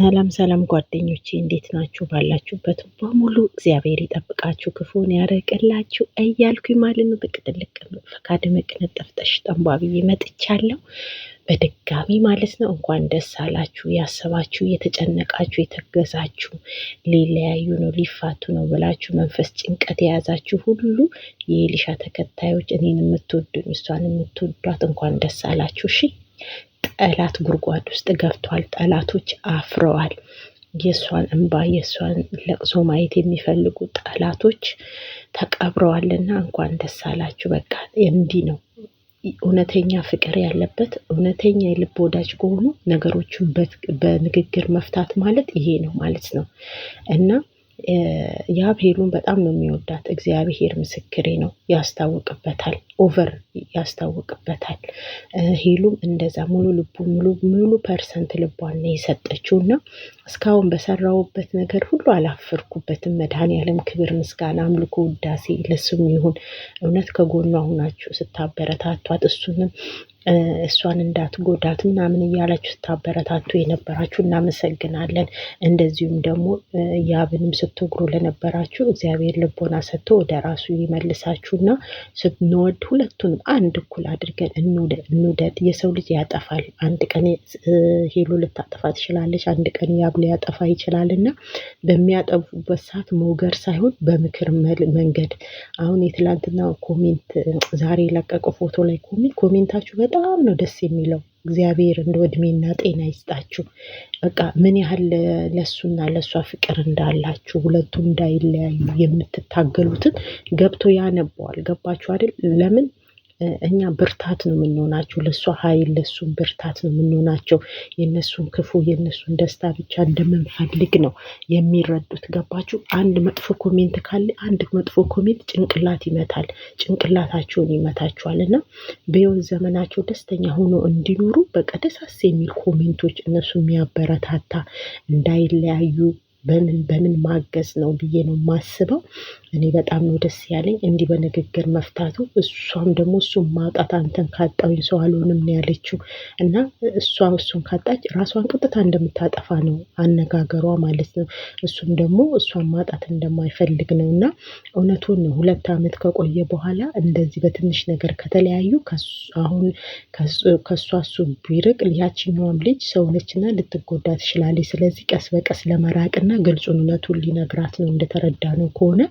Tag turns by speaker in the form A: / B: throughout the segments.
A: ሰላም ሰላም ጓደኞቼ እንዴት ናችሁ? ባላችሁበት በሙሉ እግዚአብሔር ይጠብቃችሁ፣ ክፉን ያረቅላችሁ እያልኩኝ ማለት ነው። ብቅ ጥልቅ ፈካድ መቅነጠፍ ጠሽ ጠንቧብዬ መጥቻለሁ በድጋሚ ማለት ነው። እንኳን ደስ አላችሁ ያሰባችሁ፣ የተጨነቃችሁ፣ የተገዛችሁ ሊለያዩ ነው ሊፋቱ ነው ብላችሁ መንፈስ ጭንቀት የያዛችሁ ሁሉ የኤሊሻ ተከታዮች እኔን የምትወዱኝ እሷን የምትወዷት እንኳን ደስ አላችሁ እሺ። ጠላት ጉድጓድ ውስጥ ገብቷል። ጠላቶች አፍረዋል። የእሷን እንባ የእሷን ለቅሶ ማየት የሚፈልጉ ጠላቶች ተቀብረዋልና እንኳን ደስ አላችሁ። በቃ እንዲህ ነው እውነተኛ ፍቅር ያለበት እውነተኛ የልብ ወዳጅ ከሆኑ ነገሮችን በንግግር መፍታት ማለት ይሄ ነው ማለት ነው እና ያብ በጣም ነው የሚወዳት። እግዚአብሔር ምስክሬ ነው። ያስታውቅበታል፣ ኦቨር ያስታውቅበታል። ሄሉም እንደዛ ሙሉ ልቡ ሙሉ ሙሉ ፐርሰንት ልቧን ነው የሰጠችው እና እስካሁን በሰራውበት ነገር ሁሉ አላፈርኩበትም። መድኃኔዓለም ክብር፣ ምስጋና፣ አምልኮ፣ ውዳሴ ለስሙ ይሁን። እውነት ከጎኗ ሁናችሁ ስታበረታቷት እሱንም እሷን እንዳትጎዳት ምናምን እያላችሁ ስታበረታቱ የነበራችሁ እናመሰግናለን። እንደዚሁም ደግሞ ያብንም ስትግሩ ለነበራችሁ እግዚአብሔር ልቦና ሰጥቶ ወደ ራሱ ይመልሳችሁና ስንወድ ሁለቱንም አንድ እኩል አድርገን እንውደድ። የሰው ልጅ ያጠፋል። አንድ ቀን ሄሉ ልታጠፋ ትችላለች፣ አንድ ቀን ያብ ሊያጠፋ ይችላል እና በሚያጠፉበት ሰዓት መውገር ሳይሆን በምክር መንገድ አሁን የትላንትና ኮሜንት ዛሬ የለቀቀው ፎቶ ላይ ኮሜንት ኮሜንታችሁ በጣም በጣም ነው ደስ የሚለው። እግዚአብሔር እንደ እድሜና ጤና ይስጣችሁ። በቃ ምን ያህል ለሱና ለሷ ፍቅር እንዳላችሁ ሁለቱ እንዳይለያዩ የምትታገሉትን ገብቶ ያነበዋል። ገባችሁ አይደል? ለምን እኛ ብርታት ነው የምንሆናቸው። ለእሷ ኃይል ለእሱም ብርታት ነው የምንሆናቸው። የእነሱን ክፉ የእነሱን ደስታ ብቻ እንደምንፈልግ ነው የሚረዱት። ገባችሁ? አንድ መጥፎ ኮሜንት ካለ አንድ መጥፎ ኮሜንት ጭንቅላት ይመታል፣ ጭንቅላታቸውን ይመታቸዋል። እና በሕይወት ዘመናቸው ደስተኛ ሆኖ እንዲኖሩ በቀደሳስ የሚል ኮሜንቶች እነሱ የሚያበረታታ እንዳይለያዩ በምን በምን ማገዝ ነው ብዬ ነው የማስበው። እኔ በጣም ነው ደስ ያለኝ እንዲህ በንግግር መፍታቱ። እሷም ደግሞ እሱን ማውጣት አንተን ካጣውኝ ሰው አልሆንም ነው ያለችው እና እሷ እሱን ካጣች ራሷን ቀጥታ እንደምታጠፋ ነው አነጋገሯ ማለት ነው። እሱም ደግሞ እሷን ማጣት እንደማይፈልግ ነው እና እውነቱን ነው። ሁለት ዓመት ከቆየ በኋላ እንደዚህ በትንሽ ነገር ከተለያዩ አሁን ከእሷ እሱ ቢርቅ ያችኛዋም ልጅ ሰውነችና ልትጎዳ ትችላለች። ስለዚህ ቀስ በቀስ ለመራቅ እና ግልጽ እውነቱን ሊነግራት ነው እንደተረዳ ነው ከሆነ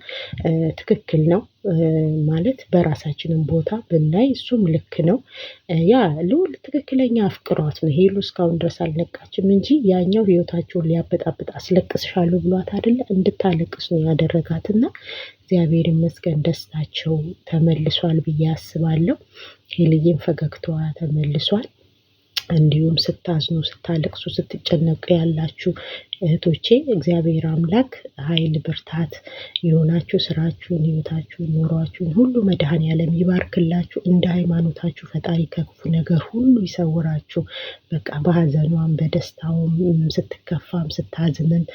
A: ትክክል ነው ማለት በራሳችንም ቦታ ብናይ እሱም ልክ ነው። ያ ልውል ትክክለኛ አፍቅሯት ነው ሄሉ እስካሁን ድረስ አልነቃችም እንጂ ያኛው ህይወታቸውን ሊያበጣብጥ አስለቅስሻሉ ብሏት አይደለ እንድታለቅስ ነው ያደረጋት እና እግዚአብሔር ይመስገን ደስታቸው ተመልሷል ብዬ አስባለሁ። ሄልዬም ፈገግታዋ ተመልሷል። እንዲሁም ስታዝኑ፣ ስታለቅሱ፣ ስትጨነቁ ያላችሁ እህቶቼ እግዚአብሔር አምላክ ኃይል ብርታት የሆናችሁ ስራችሁን፣ ህይወታችሁን፣ ኑሯችሁን ሁሉ መድኃኔ ዓለም ይባርክላችሁ። እንደ ሃይማኖታችሁ ፈጣሪ ከክፉ ነገር ሁሉ ይሰውራችሁ። በቃ በሀዘኗም በደስታውም ስትከፋም ስታዝንም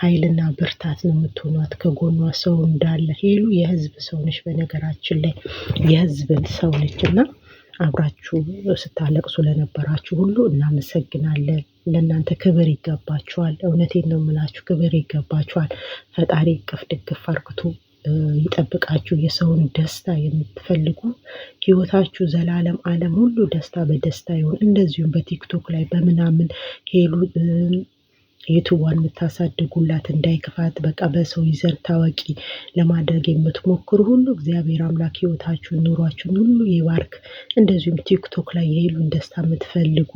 A: ኃይልና ብርታት ነው የምትሆኗት። ከጎኗ ሰው እንዳለ ሄሉ የህዝብ ሰው ነች። በነገራችን ላይ የህዝብ ሰው ነች እና አብራችሁ ስታለቅሱ ለነበራችሁ ሁሉ እናመሰግናለን። ለእናንተ ክብር ይገባችኋል። እውነቴን ነው የምላችሁ፣ ክብር ይገባችኋል። ፈጣሪ ቅፍ ድግፍ አርግቶ ይጠብቃችሁ። የሰውን ደስታ የምትፈልጉ ህይወታችሁ ዘላለም ዓለም ሁሉ ደስታ በደስታ ይሁን። እንደዚሁም በቲክቶክ ላይ በምናምን ሄሉ ዩቱቧን የምታሳድጉላት እንዳይክፋት በቃ በሰው ይዘር ታዋቂ ለማድረግ የምትሞክሩ ሁሉ እግዚአብሔር አምላክ ህይወታችሁን ኑሯችሁን ሁሉ ይባርክ። እንደዚሁም ቲክቶክ ላይ የሄሉን ደስታ የምትፈልጉ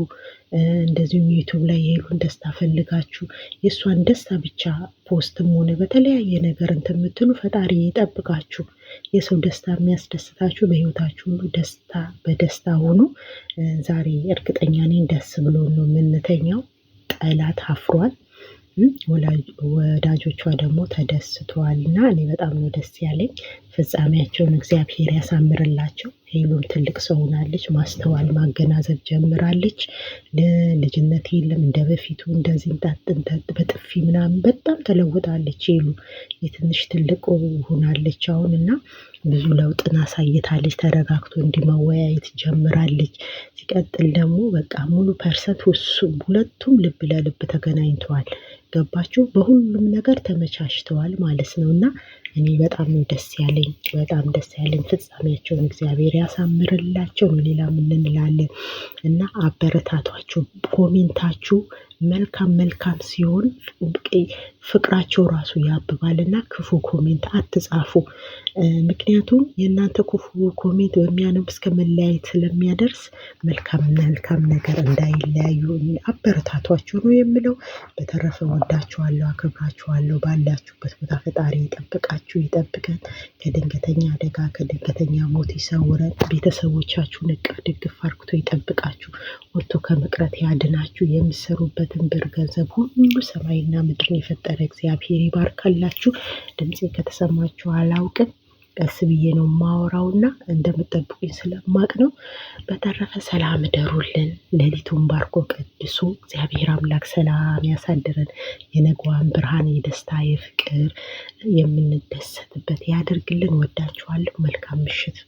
A: እንደዚሁም ዩቱብ ላይ የሄሉን ደስታ ፈልጋችሁ የእሷን ደስታ ብቻ ፖስትም ሆነ በተለያየ ነገር እንትን የምትሉ ፈጣሪ ይጠብቃችሁ። የሰው ደስታ የሚያስደስታችሁ በህይወታችሁ ሁሉ ደስታ በደስታ ሆኖ ዛሬ እርግጠኛ ነኝ ደስ ብሎ ነው የምንተኛው። ጠላት አፍሯል። ወዳጆቿ ደግሞ ተደስተዋል እና እኔ በጣም ነው ደስ ያለኝ። ፍጻሜያቸውን እግዚአብሔር ያሳምርላቸው። ሄሎም ትልቅ ሰው ሆናለች። ማስተዋል ማገናዘብ ጀምራለች። ልጅነት የለም እንደ በፊቱ እንደዚህ እንጣጥንጠጥ በጥፊ ምናምን በጣም ተለውጣለች። ሄሉ የትንሽ ትልቅ ሆናለች አሁን እና ብዙ ለውጥን አሳይታለች። ተረጋግቶ እንዲመወያየት ጀምራለች። ሲቀጥል ደግሞ በቃ ሙሉ ፐርሰንት ሁለቱም ልብ ለልብ ተገናኝተዋል። ገባችሁ? በሁሉም ነገር ተመቻችተዋል ማለት ነው እና እኔ በጣም ነው ደስ ያለኝ፣ በጣም ደስ ያለኝ። ፍጻሜያቸውን እግዚአብሔር ያሳምርላቸው ነው። ሌላ ምን እንላለን እና አበረታቷችሁ፣ ኮሜንታችሁ መልካም መልካም ሲሆን ፍቅራቸው ራሱ ያብባል እና ክፉ ኮሜንት አትጻፉ። ምክንያቱም የእናንተ ክፉ ኮሜንት በሚያነብ እስከ መለያየት ስለሚያደርስ መልካም መልካም ነገር እንዳይለያዩ አበረታቷቸው ነው የምለው። በተረፈ ወዳችኋለሁ፣ አከብራችኋለሁ። ባላችሁበት ቦታ ፈጣሪ ይጠብቃችሁ፣ ይጠብቀን፣ ከድንገተኛ አደጋ ከድንገተኛ ሞት ይሰውረን። ቤተሰቦቻችሁን እቅፍ ድግፍ አርግቶ ይጠብቃችሁ፣ ወጥቶ ከመቅረት ያድናችሁ። የሚሰሩበት ያለበትን ብር ገንዘብ ሁሉ ሰማይና ምድርን የፈጠረ እግዚአብሔር ይባርካላችሁ። ድምፄ ከተሰማችሁ አላውቅም። ቀስ ብዬ ነው ማወራው እና እንደምጠብቁኝ ስለማቅ ነው። በተረፈ ሰላም እደሩልን። ሌሊቱን ባርኮ ቀድሶ እግዚአብሔር አምላክ ሰላም ያሳድረን። የነገዋን ብርሃን የደስታ የፍቅር የምንደሰትበት ያደርግልን። ወዳችኋለሁ። መልካም ምሽት